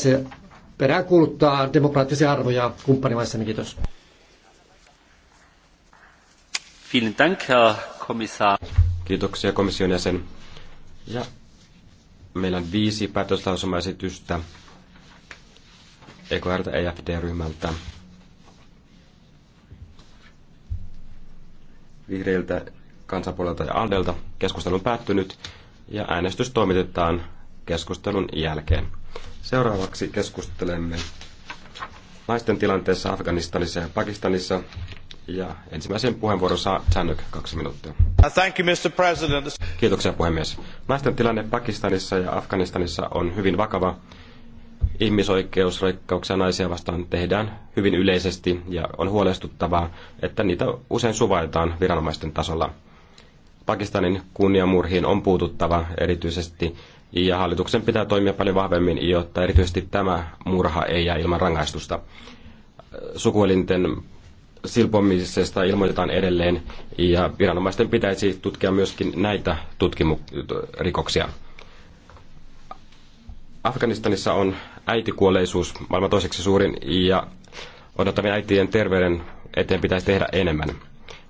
se peräänkuuluttaa demokraattisia arvoja kumppanimaissamme. Kiitos. Dank, Herr Kommissar. Kiitoksia komission jäsen. Ja meillä on viisi päätöslausumaesitystä EKR EFD-ryhmältä. Vihreiltä, kansanpuolelta ja Aldelta. Keskustelu on päättynyt ja äänestys toimitetaan keskustelun jälkeen. Seuraavaksi keskustelemme naisten tilanteessa Afganistanissa ja Pakistanissa. Ja ensimmäisen puheenvuoron saa Chanuk kaksi minuuttia. Thank you, Mr. President. Kiitoksia puhemies. Naisten tilanne Pakistanissa ja Afganistanissa on hyvin vakava. Ihmisoikeusreikkauksia naisia vastaan tehdään hyvin yleisesti ja on huolestuttavaa, että niitä usein suvaitaan viranomaisten tasolla. Pakistanin kunniamurhiin on puututtava erityisesti ja hallituksen pitää toimia paljon vahvemmin, jotta erityisesti tämä murha ei jää ilman rangaistusta. Sukuelinten silpomisesta ilmoitetaan edelleen ja viranomaisten pitäisi tutkia myöskin näitä tutkimusrikoksia. Afganistanissa on äitikuolleisuus maailman toiseksi suurin ja odottavien äitien terveyden eteen pitäisi tehdä enemmän.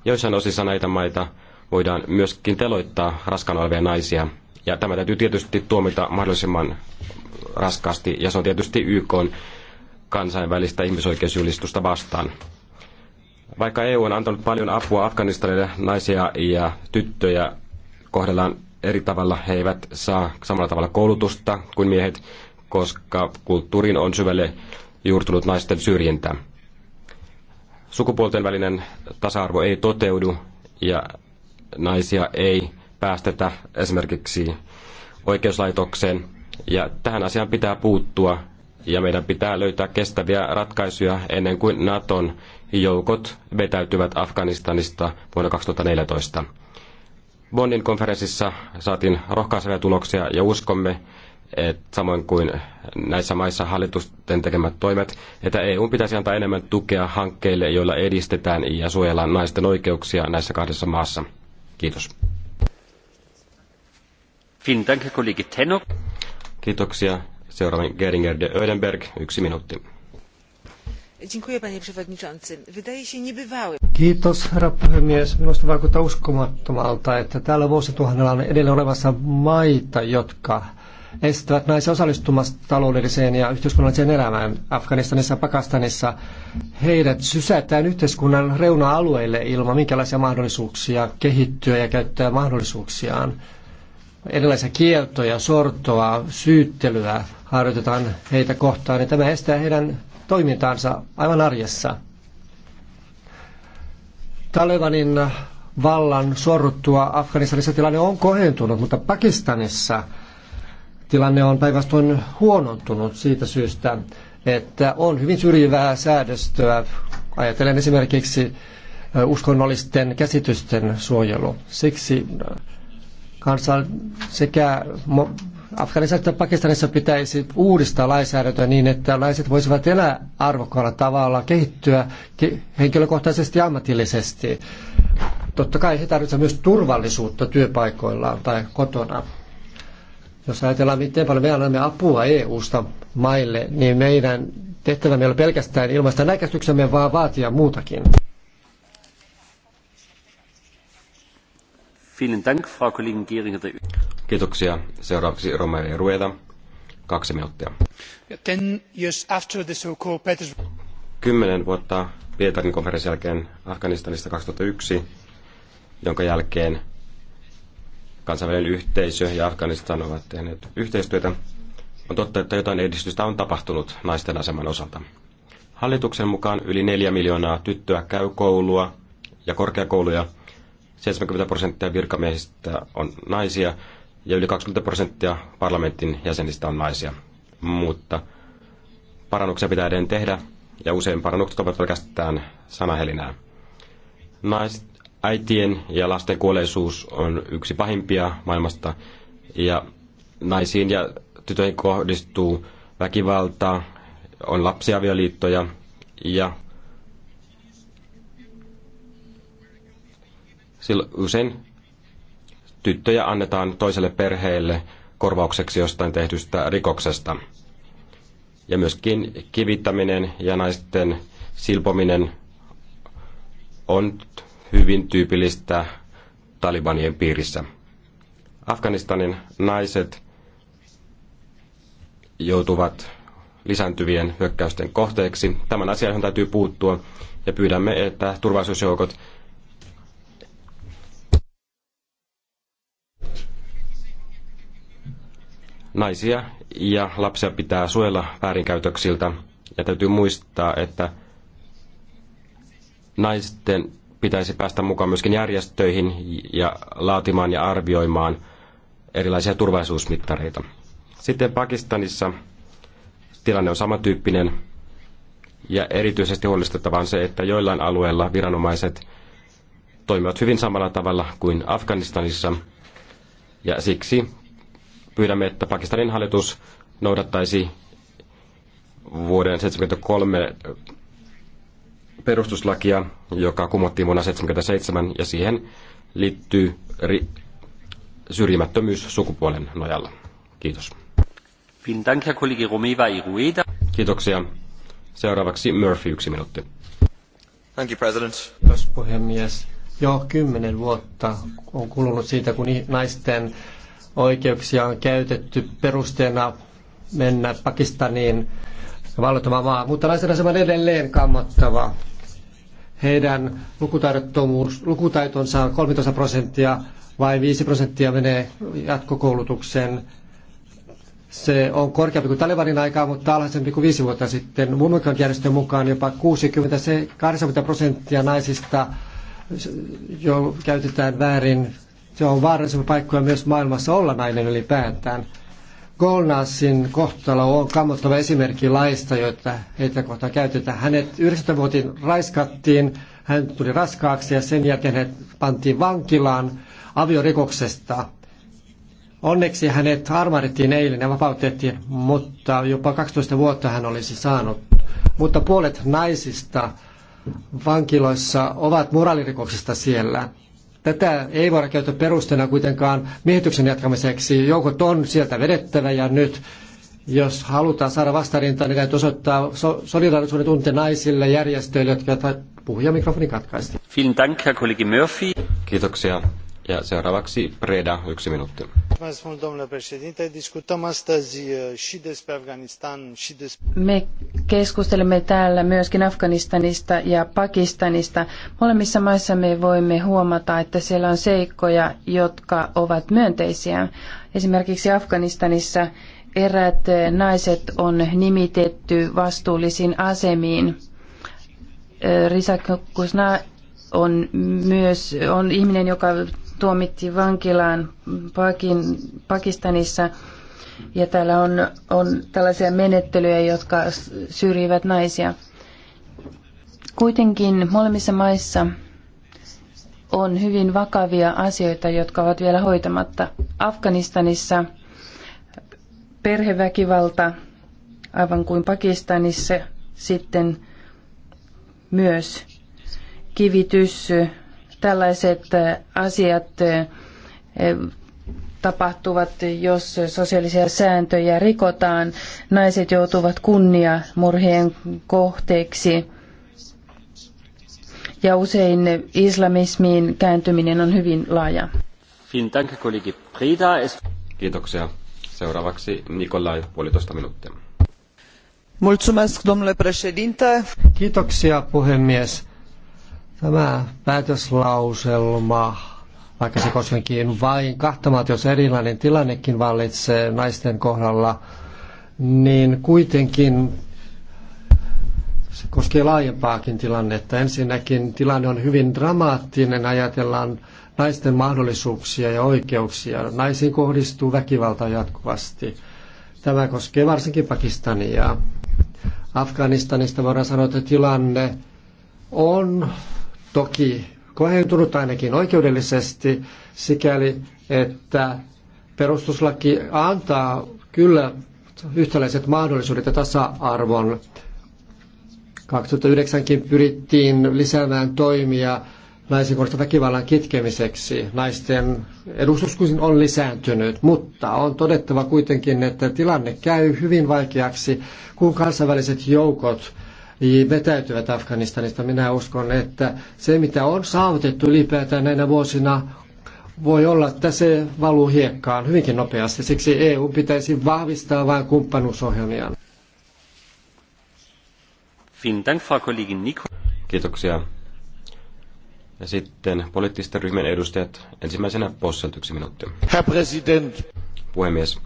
Joissain osissa näitä maita voidaan myöskin teloittaa raskaana olevia naisia. Ja tämä täytyy tietysti tuomita mahdollisimman raskaasti, ja se on tietysti YK kansainvälistä ihmisoikeusjulistusta vastaan. Vaikka EU on antanut paljon apua Afganistanille, naisia ja tyttöjä kohdellaan eri tavalla, he eivät saa samalla tavalla koulutusta kuin miehet, koska kulttuuriin on syvälle juurtunut naisten syrjintä. Sukupuolten välinen tasa-arvo ei toteudu ja naisia ei päästetä esimerkiksi oikeuslaitokseen. Ja tähän asiaan pitää puuttua ja meidän pitää löytää kestäviä ratkaisuja ennen kuin Naton joukot vetäytyvät Afganistanista vuonna 2014. Bonnin konferenssissa saatiin rohkaisevia tuloksia ja uskomme, että samoin kuin näissä maissa hallitusten tekemät toimet, että EU pitäisi antaa enemmän tukea hankkeille, joilla edistetään ja suojellaan naisten oikeuksia näissä kahdessa maassa. Kiitos. Kiitoksia. Seuraavan Geringer de Ödenberg, yksi minuutti. Dziękuję, panie przewodniczący. Wydaje się niebywałym. Kiitos, herra puhemies. Minusta vaikuttaa uskomattomalta, että täällä vuosituhannella on edelleen olemassa maita, jotka estävät naisia osallistumasta taloudelliseen ja yhteiskunnalliseen elämään Afganistanissa ja Pakistanissa. Heidät sysätään yhteiskunnan reuna-alueille ilman minkälaisia mahdollisuuksia kehittyä ja käyttää mahdollisuuksiaan. Erilaisia kieltoja, sortoa, syyttelyä harjoitetaan heitä kohtaan ja tämä estää heidän toimintaansa aivan arjessa – Talebanin vallan sorruttua Afganistanissa tilanne on kohentunut, mutta Pakistanissa tilanne on päinvastoin huonontunut siitä syystä, että on hyvin syrjivää säädöstöä. Ajatellen esimerkiksi uskonnollisten käsitysten suojelu. Siksi kansa sekä Afganistanissa ja Pakistanissa pitäisi uudistaa lainsäädäntöä niin, että naiset voisivat elää arvokkaalla tavalla, kehittyä henkilökohtaisesti ja ammatillisesti. Totta kai he tarvitsevat myös turvallisuutta työpaikoillaan tai kotona. Jos ajatellaan, miten paljon me annamme apua EU-sta maille, niin meidän tehtävämme ei ole pelkästään ilmaista näkästyksemme, vaan vaatia muutakin. Kiitoksia. Seuraavaksi Romeo Rueda. Kaksi minuuttia. Kymmenen vuotta Pietarin konferenssin jälkeen Afganistanista 2001, jonka jälkeen kansainvälinen yhteisö ja Afganistan ovat tehneet yhteistyötä. On totta, että jotain edistystä on tapahtunut naisten aseman osalta. Hallituksen mukaan yli neljä miljoonaa tyttöä käy koulua ja korkeakouluja – 70 prosenttia virkamiehistä on naisia ja yli 20 prosenttia parlamentin jäsenistä on naisia. Mutta parannuksia pitää edelleen tehdä ja usein parannukset ovat pelkästään sanahelinää. Nais, äitien ja lasten kuolleisuus on yksi pahimpia maailmasta ja naisiin ja tytöihin kohdistuu väkivaltaa, on lapsiavioliittoja ja Sillä usein tyttöjä annetaan toiselle perheelle korvaukseksi jostain tehdystä rikoksesta. Ja myöskin kivittäminen ja naisten silpominen on hyvin tyypillistä talibanien piirissä. Afganistanin naiset joutuvat lisääntyvien hyökkäysten kohteeksi. Tämän asian täytyy puuttua ja pyydämme, että turvallisuusjoukot Naisia ja lapsia pitää suojella väärinkäytöksiltä ja täytyy muistaa, että naisten pitäisi päästä mukaan myöskin järjestöihin ja laatimaan ja arvioimaan erilaisia turvallisuusmittareita. Sitten Pakistanissa tilanne on samantyyppinen ja erityisesti huolestuttava on se, että joillain alueilla viranomaiset toimivat hyvin samalla tavalla kuin Afganistanissa ja siksi pyydämme, että Pakistanin hallitus noudattaisi vuoden 1973 perustuslakia, joka kumottiin vuonna 1977, ja siihen liittyy ri- syrjimättömyys sukupuolen nojalla. Kiitos. Kiitoksia. Seuraavaksi Murphy yksi minuutti. Thank you, President. Kiitos puhemies. Jo kymmenen vuotta on kulunut siitä, kun naisten oikeuksia on käytetty perusteena mennä Pakistaniin valtava maa, mutta naisten asema on edelleen kammottava. Heidän lukutaitonsa on 13 prosenttia, vai 5 prosenttia menee jatkokoulutukseen. Se on korkeampi kuin Talibanin aikaa, mutta alhaisempi kuin viisi vuotta sitten. Mun järjestön mukaan jopa 60-80 prosenttia naisista jo käytetään väärin se on vaarallisempi paikkoja myös maailmassa olla nainen ylipäätään. Golnassin kohtalo on kammottava esimerkki laista, joita heitä kohta käytetään. Hänet 19-vuotin raiskattiin, hän tuli raskaaksi ja sen jälkeen hänet pantiin vankilaan aviorikoksesta. Onneksi hänet armarittiin eilen ja vapautettiin, mutta jopa 12 vuotta hän olisi saanut. Mutta puolet naisista vankiloissa ovat moraalirikoksista siellä. Tätä ei voida käyttää perusteena kuitenkaan miehityksen jatkamiseksi. Joukot on sieltä vedettävä ja nyt jos halutaan saada vastarintaa, niin täytyy osoittaa so- solidaarisuuden tunte naisille, järjestöille, jotka puhuja mikrofoni katkaisti. Vielen Dank, Herr Kollege Murphy. Kiitoksia. Ja seuraavaksi Preda, yksi minuutti discutăm astăzi uh, și despre Afganistan și despre... Me keskustelemme täällä myöskin Afganistanista ja Pakistanista. Molemmissa maissa me voimme huomata, että siellä on seikkoja, jotka ovat myönteisiä. Esimerkiksi Afganistanissa eräät eh, naiset on nimitetty vastuullisiin asemiin. Eh, Risa on myös on ihminen, joka tuomittiin vankilaan Pakin, Pakistanissa. Ja täällä on, on tällaisia menettelyjä, jotka syrjivät naisia. Kuitenkin molemmissa maissa on hyvin vakavia asioita, jotka ovat vielä hoitamatta. Afganistanissa perheväkivalta, aivan kuin Pakistanissa sitten myös kivitys, tällaiset äh, asiat äh, tapahtuvat, jos sosiaalisia sääntöjä rikotaan. Naiset joutuvat kunnia kunniamurhien kohteeksi. Ja usein islamismiin kääntyminen on hyvin laaja. Kiitoksia. Seuraavaksi Nikolai, puolitoista minuuttia. Mulțumesc, domnule președinte. Kiitoksia, puhemies. Tämä päätöslauselma, vaikka se koskenkin vain kahtamat, jos erilainen tilannekin vallitsee naisten kohdalla, niin kuitenkin se koskee laajempaakin tilannetta. Ensinnäkin tilanne on hyvin dramaattinen, ajatellaan naisten mahdollisuuksia ja oikeuksia. Naisiin kohdistuu väkivalta jatkuvasti. Tämä koskee varsinkin Pakistania. Afganistanista voidaan sanoa, että tilanne on toki kohentunut ainakin oikeudellisesti sikäli, että perustuslaki antaa kyllä yhtäläiset mahdollisuudet ja tasa-arvon. 2009kin pyrittiin lisäämään toimia naisen kohdasta väkivallan kitkemiseksi. Naisten edustuskuisin on lisääntynyt, mutta on todettava kuitenkin, että tilanne käy hyvin vaikeaksi, kun kansainväliset joukot – vetäytyvät niin, Afganistanista. Minä uskon, että se mitä on saavutettu ylipäätään näinä vuosina voi olla, että se valuu hiekkaan hyvinkin nopeasti. Siksi EU pitäisi vahvistaa vain kumppanuusohjelmiaan. Kiitoksia. Ja sitten poliittisten ryhmien edustajat. Ensimmäisenä Posselt yksi minuutti. Herr President. Puhemies.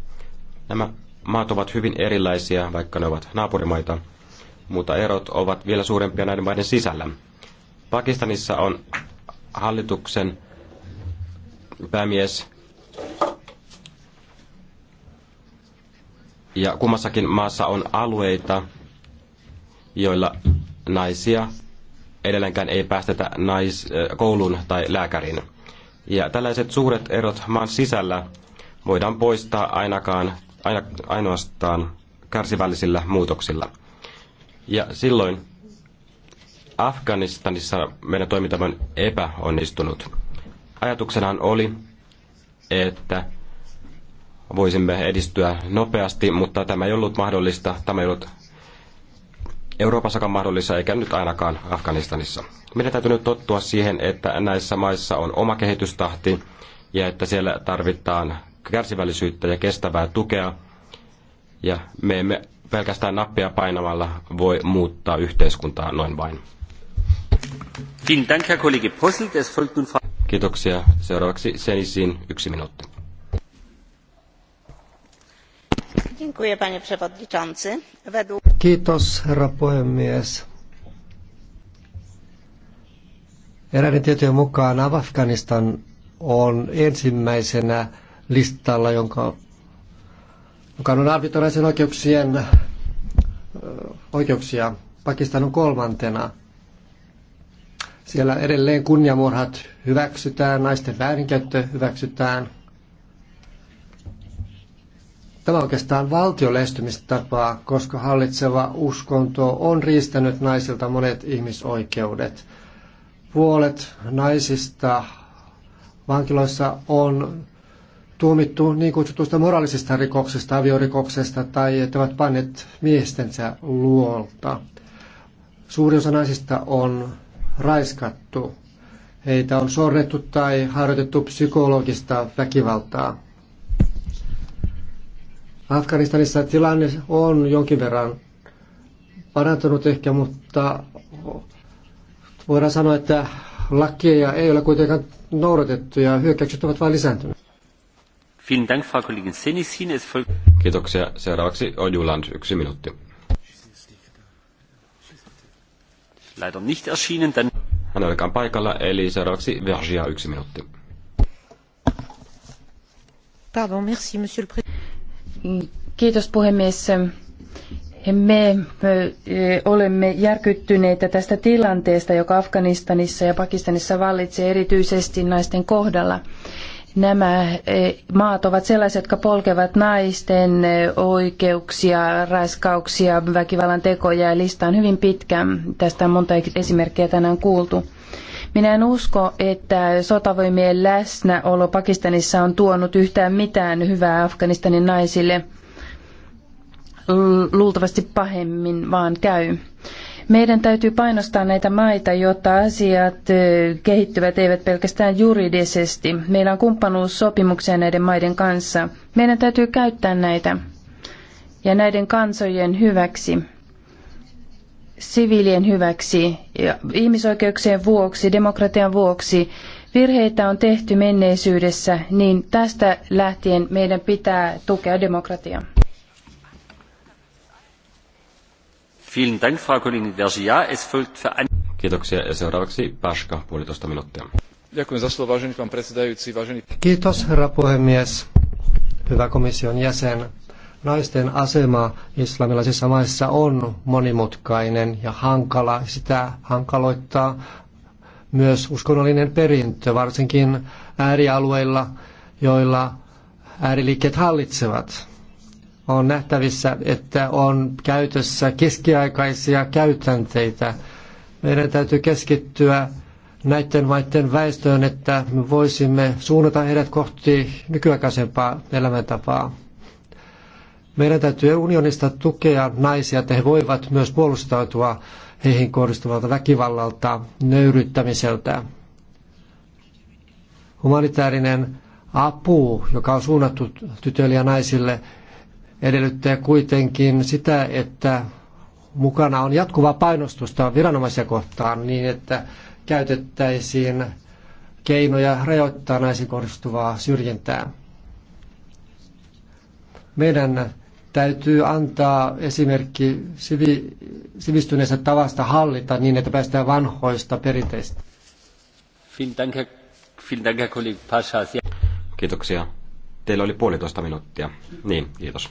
Nämä maat ovat hyvin erilaisia, vaikka ne ovat naapurimaita mutta erot ovat vielä suurempia näiden maiden sisällä. Pakistanissa on hallituksen päämies ja kummassakin maassa on alueita, joilla naisia edelleenkään ei päästetä nais, äh, kouluun tai lääkärin. Ja tällaiset suuret erot maan sisällä voidaan poistaa ainakaan, aina, ainoastaan kärsivällisillä muutoksilla. Ja silloin Afganistanissa meidän toimintamme on epäonnistunut. Ajatuksenahan oli, että voisimme edistyä nopeasti, mutta tämä ei ollut mahdollista. Tämä ei ollut Euroopassakaan mahdollista, eikä nyt ainakaan Afganistanissa. Meidän täytyy nyt tottua siihen, että näissä maissa on oma kehitystahti ja että siellä tarvitaan kärsivällisyyttä ja kestävää tukea. Ja me emme pelkästään nappia painamalla voi muuttaa yhteiskuntaa noin vain. Kiitoksia. Seuraavaksi Senisiin yksi minuutti. Kiitos, herra puhemies. Eräiden tietojen mukaan Afganistan on ensimmäisenä listalla, jonka, joka on arvitoraisen oikeuksien oikeuksia. Pakistan on kolmantena. Siellä edelleen kunniamurhat hyväksytään, naisten väärinkäyttö hyväksytään. Tämä on oikeastaan valtiolestymistapaa koska hallitseva uskonto on riistänyt naisilta monet ihmisoikeudet. Puolet naisista vankiloissa on tuomittu niin kutsutusta moraalisista rikoksista, aviorikoksesta tai että ovat panneet miestensä luolta. Suurin osa naisista on raiskattu. Heitä on sorrettu tai harjoitettu psykologista väkivaltaa. Afganistanissa tilanne on jonkin verran parantunut ehkä, mutta voidaan sanoa, että lakia ei ole kuitenkaan noudatettu ja hyökkäykset ovat vain lisääntyneet. Kiitoksia. Seuraavaksi Ojuland, yksi minuutti. Leider nicht erschienen, Hän paikalla, eli seuraavaksi yksi minuutti. Pardon, merci, monsieur le président. Kiitos puhemies. Me, olemme järkyttyneitä tästä tilanteesta, joka Afganistanissa ja Pakistanissa vallitsee erityisesti naisten kohdalla nämä eh, maat ovat sellaiset, jotka polkevat naisten eh, oikeuksia, raiskauksia, väkivallan tekoja ja lista on hyvin pitkä. Tästä on monta esimerkkiä tänään kuultu. Minä en usko, että sotavoimien läsnäolo Pakistanissa on tuonut yhtään mitään hyvää Afganistanin naisille. Luultavasti pahemmin vaan käy. Meidän täytyy painostaa näitä maita, jotta asiat kehittyvät eivät pelkästään juridisesti. Meillä on kumppanuussopimuksia näiden maiden kanssa. Meidän täytyy käyttää näitä ja näiden kansojen hyväksi, siviilien hyväksi, ja ihmisoikeuksien vuoksi, demokratian vuoksi. Virheitä on tehty menneisyydessä, niin tästä lähtien meidän pitää tukea demokratiaa. Kiitos, herra puhemies. Hyvä komission jäsen. Naisten asema islamilaisissa maissa on monimutkainen ja hankala. Sitä hankaloittaa myös uskonnollinen perintö, varsinkin äärialueilla, joilla ääriliikkeet hallitsevat on nähtävissä, että on käytössä keskiaikaisia käytänteitä. Meidän täytyy keskittyä näiden maiden väestöön, että me voisimme suunnata heidät kohti nykyaikaisempaa elämäntapaa. Meidän täytyy unionista tukea naisia, että he voivat myös puolustautua heihin kohdistuvalta väkivallalta, nöyryttämiseltä. Humanitaarinen apu, joka on suunnattu tytöille ja naisille, edellyttää kuitenkin sitä, että mukana on jatkuvaa painostusta viranomaisia kohtaan niin, että käytettäisiin keinoja rajoittaa naisiin kohdistuvaa syrjintää. Meidän täytyy antaa esimerkki sivi, sivistyneestä tavasta hallita niin, että päästään vanhoista perinteistä. Kiitoksia. Teillä oli puolitoista minuuttia. Niin, kiitos.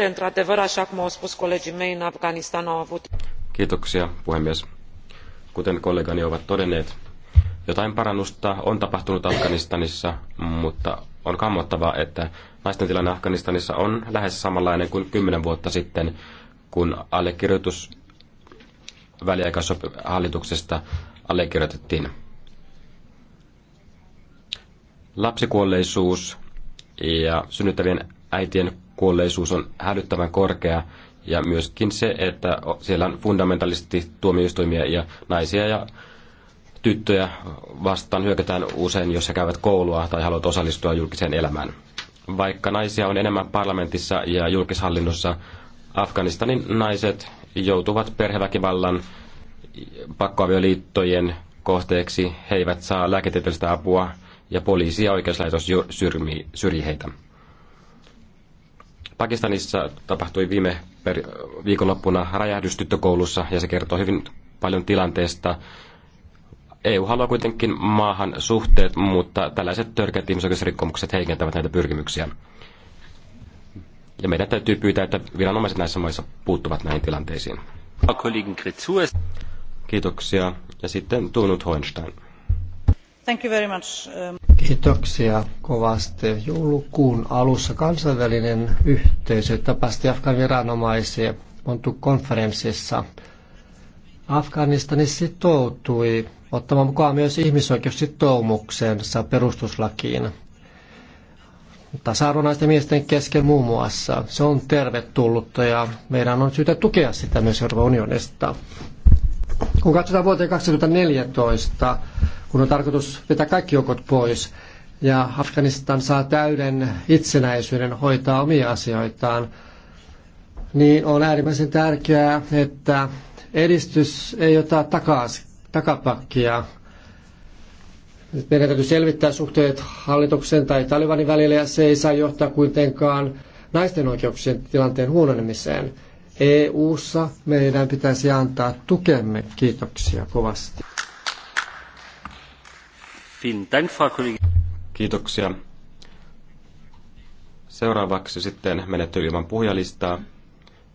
într adevăr așa cum au spus colegii mei în afganistan au avut. Kiitoksia, puhemies. Kuten kollegani ovat todenneet, jotain parannusta on tapahtunut Afganistanissa, mutta on kammottavaa, että naisten tilanne Afganistanissa on lähes samanlainen kuin kymmenen vuotta sitten, kun allekirjoitus väliaikaishallituksesta allekirjoitettiin Lapsikuolleisuus ja synnyttävien äitien kuolleisuus on hälyttävän korkea ja myöskin se, että siellä on fundamentalisti tuomioistuimia ja naisia ja tyttöjä vastaan hyökätään usein, jos he käyvät koulua tai haluavat osallistua julkiseen elämään. Vaikka naisia on enemmän parlamentissa ja julkishallinnossa, Afganistanin naiset joutuvat perheväkivallan, pakkoavioliittojen kohteeksi, he eivät saa lääketieteellistä apua, ja poliisi ja oikeuslaitos syrjii, syrjii heitä. Pakistanissa tapahtui viime per, viikonloppuna räjähdys tyttökoulussa ja se kertoo hyvin paljon tilanteesta. EU haluaa kuitenkin maahan suhteet, mutta tällaiset törkeät ihmisoikeusrikkomukset heikentävät näitä pyrkimyksiä. Ja meidän täytyy pyytää, että viranomaiset näissä maissa puuttuvat näihin tilanteisiin. Kiitoksia. Ja sitten Tunut Hoinstein. Thank you very much. Um, Kiitoksia kovasti. Joulukuun alussa kansainvälinen yhteisö tapasti Afgan viranomaisia Montu-konferenssissa. Afganistani sitoutui ottamaan mukaan myös ihmisoikeussitoumuksensa perustuslakiin. Tasa-arvonaisten miesten kesken muun muassa. Se on tervetullutta ja meidän on syytä tukea sitä myös Euroopan unionista. Kun katsotaan vuoteen 2014, kun on tarkoitus vetää kaikki joukot pois ja Afganistan saa täyden itsenäisyyden hoitaa omia asioitaan, niin on äärimmäisen tärkeää, että edistys ei ota takas, takapakkia. Meidän täytyy selvittää suhteet hallituksen tai Talibanin välillä ja se ei saa johtaa kuitenkaan naisten oikeuksien tilanteen huononemiseen. EU-ssa meidän pitäisi antaa tukemme. Kiitoksia kovasti. Kiitoksia. Seuraavaksi sitten menetty ilman puhujalistaa.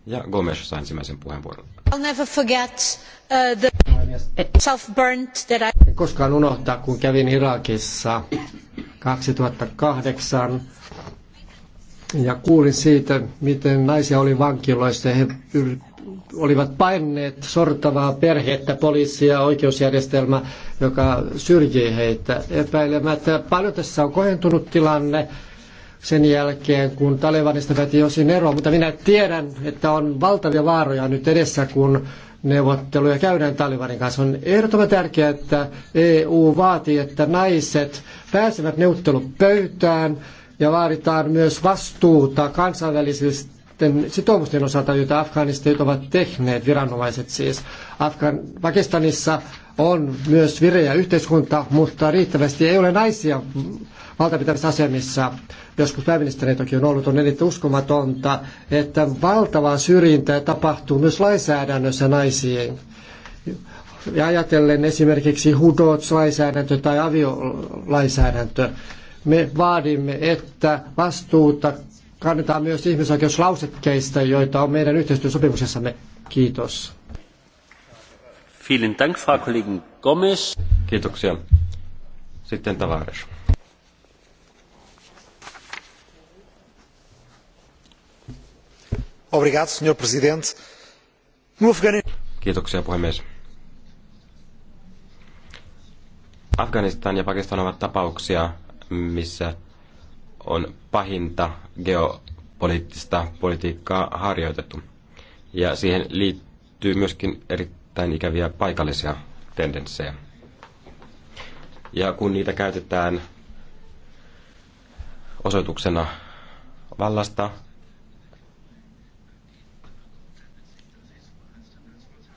Ja Gomes saa ensimmäisen puheenvuoron. I'll never forget uh, the self-burnt that I... En koskaan unohtaa, kun kävin Irakissa 2008 ja kuulin siitä, miten naisia oli vankiloissa ja he olivat paineet sortavaa perhettä, poliisia, oikeusjärjestelmä, joka syrjii heitä epäilemättä. Paljon tässä on kohentunut tilanne sen jälkeen, kun Talevanista päätti osin eroa, mutta minä tiedän, että on valtavia vaaroja nyt edessä, kun neuvotteluja käydään Talibanin kanssa. On ehdottoman tärkeää, että EU vaatii, että naiset pääsevät neuvottelupöytään ja vaaditaan myös vastuuta kansainvälisistä näiden sitoumusten osalta, joita Afganistit ovat tehneet, viranomaiset siis. Afgan- Pakistanissa on myös vireä yhteiskunta, mutta riittävästi ei ole naisia valtapitävissä asemissa. Joskus pääministeriötäkin on ollut, on erittäin uskomatonta, että valtavaa syrjintää tapahtuu myös lainsäädännössä naisiin. Ja ajatellen esimerkiksi Hudots-lainsäädäntö tai aviolainsäädäntö, me vaadimme, että vastuuta kannetaan myös ihmisoikeuslausekkeista, joita on meidän yhteistyösopimuksessamme. Kiitos. Vielen Dank, Frau Kollegin Gomez. Kiitoksia. Sitten Tavares. Obrigado, senhor presidente. No Kiitoksia, puhemies. Afganistan ja Pakistan ovat tapauksia, missä on pahinta geopoliittista politiikkaa harjoitettu. Ja siihen liittyy myöskin erittäin ikäviä paikallisia tendenssejä. Ja kun niitä käytetään osoituksena vallasta,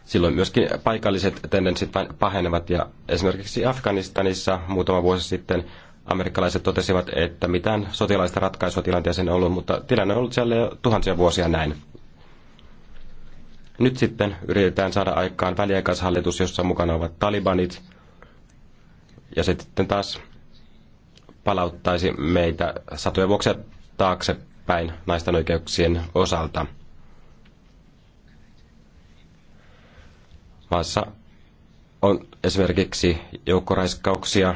silloin myöskin paikalliset tendenssit pahenevat ja esimerkiksi Afganistanissa muutama vuosi sitten amerikkalaiset totesivat, että mitään sotilaista ratkaisua tilanteeseen ei ollut, mutta tilanne on ollut siellä jo tuhansia vuosia näin. Nyt sitten yritetään saada aikaan väliaikaishallitus, jossa mukana ovat talibanit, ja se sitten taas palauttaisi meitä satoja vuoksia taaksepäin naisten oikeuksien osalta. Maassa on esimerkiksi joukkoraiskauksia,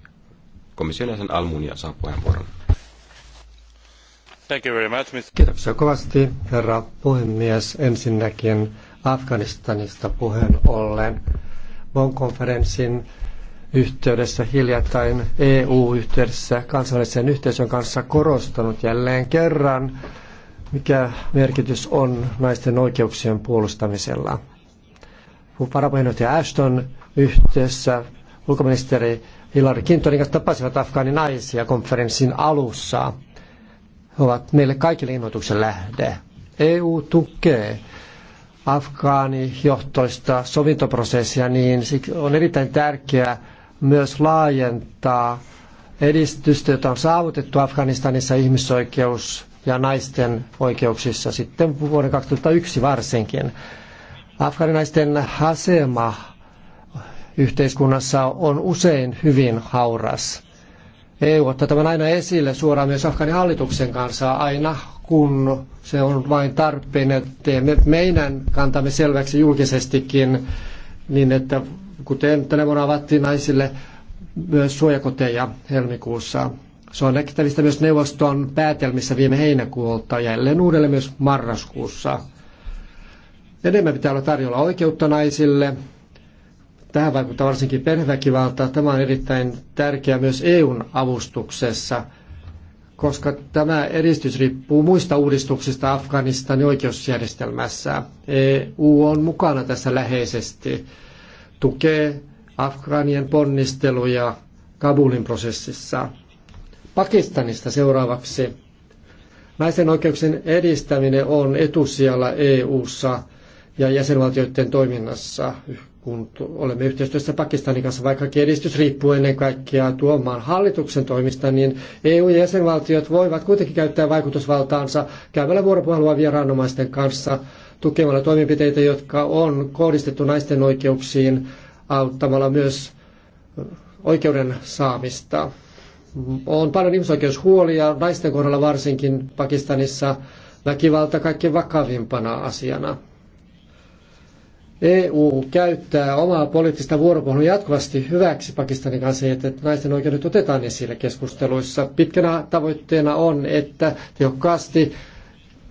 komission jäsen Almunia saa puheenvuoron. Thank you very much, Mr. Kiitoksia kovasti, herra puhemies. Ensinnäkin Afganistanista puheen ollen. Bonn-konferenssin yhteydessä hiljattain EU-yhteydessä kansainvälisen yhteisön kanssa korostanut jälleen kerran, mikä merkitys on naisten oikeuksien puolustamisella. Varapuheenjohtaja Ashton yhdessä ulkoministeri Hillary Clintonin kanssa tapasivat afgaaninaisia konferenssin alussa. ovat meille kaikille innoituksen lähde. EU tukee afgaanijohtoista sovintoprosessia, niin on erittäin tärkeää myös laajentaa edistystä, jota on saavutettu Afganistanissa ihmisoikeus- ja naisten oikeuksissa sitten vuoden 2001 varsinkin. Afganinaisten asema yhteiskunnassa on usein hyvin hauras. EU ottaa tämän aina esille suoraan myös Afganin hallituksen kanssa aina, kun se on vain tarpeen. Teemme meidän kantamme selväksi julkisestikin niin, että kuten tänä vuonna avattiin naisille myös suojakoteja helmikuussa. Se on näkyvistä myös neuvoston päätelmissä viime heinäkuulta ja jälleen uudelleen myös marraskuussa. Enemmän pitää olla tarjolla oikeutta naisille, Tähän vaikuttaa varsinkin perheväkivalta. Tämä on erittäin tärkeää myös EUn avustuksessa, koska tämä edistys riippuu muista uudistuksista Afganistanin oikeusjärjestelmässä. EU on mukana tässä läheisesti, tukee Afganien ponnisteluja Kabulin prosessissa. Pakistanista seuraavaksi. Naisen oikeuksien edistäminen on etusijalla EU:ssa ja jäsenvaltioiden toiminnassa kun olemme yhteistyössä Pakistanin kanssa, vaikka edistys riippuu ennen kaikkea tuon maan hallituksen toimista, niin EU-jäsenvaltiot voivat kuitenkin käyttää vaikutusvaltaansa käymällä vuoropuhelua viranomaisten kanssa, tukemalla toimenpiteitä, jotka on kohdistettu naisten oikeuksiin, auttamalla myös oikeuden saamista. On paljon ihmisoikeushuolia, naisten kohdalla varsinkin Pakistanissa väkivalta kaikkein vakavimpana asiana. EU käyttää omaa poliittista vuoropuhelua jatkuvasti hyväksi Pakistanin kanssa, että naisten oikeudet otetaan esille keskusteluissa. Pitkänä tavoitteena on, että tehokkaasti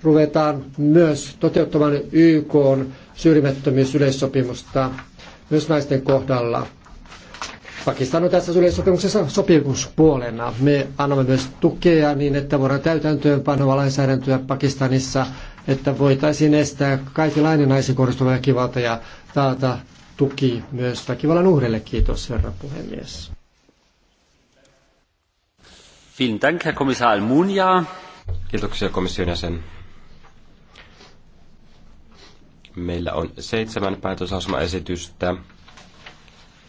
ruvetaan myös toteuttamaan YK syrjimättömyysyleissopimusta myös naisten kohdalla. Pakistan on tässä yleissopimuksessa sopimuspuolena. Me annamme myös tukea niin, että voidaan täytäntöönpanoa lainsäädäntöä Pakistanissa – että voitaisiin estää kaikenlainen naisen kohdistuva väkivalta ja taata tuki myös väkivallan uhrille. Kiitos, herra puhemies. Vielen Dank, Herr Kommissar Almunia. Kiitoksia komission jäsen. Meillä on seitsemän päätösasemaesitystä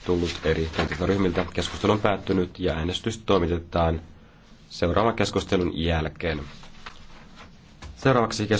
tullut eri ryhmiltä. Keskustelu on päättynyt ja äänestys toimitetaan seuraavan keskustelun jälkeen. Seuraavaksi keskustelu.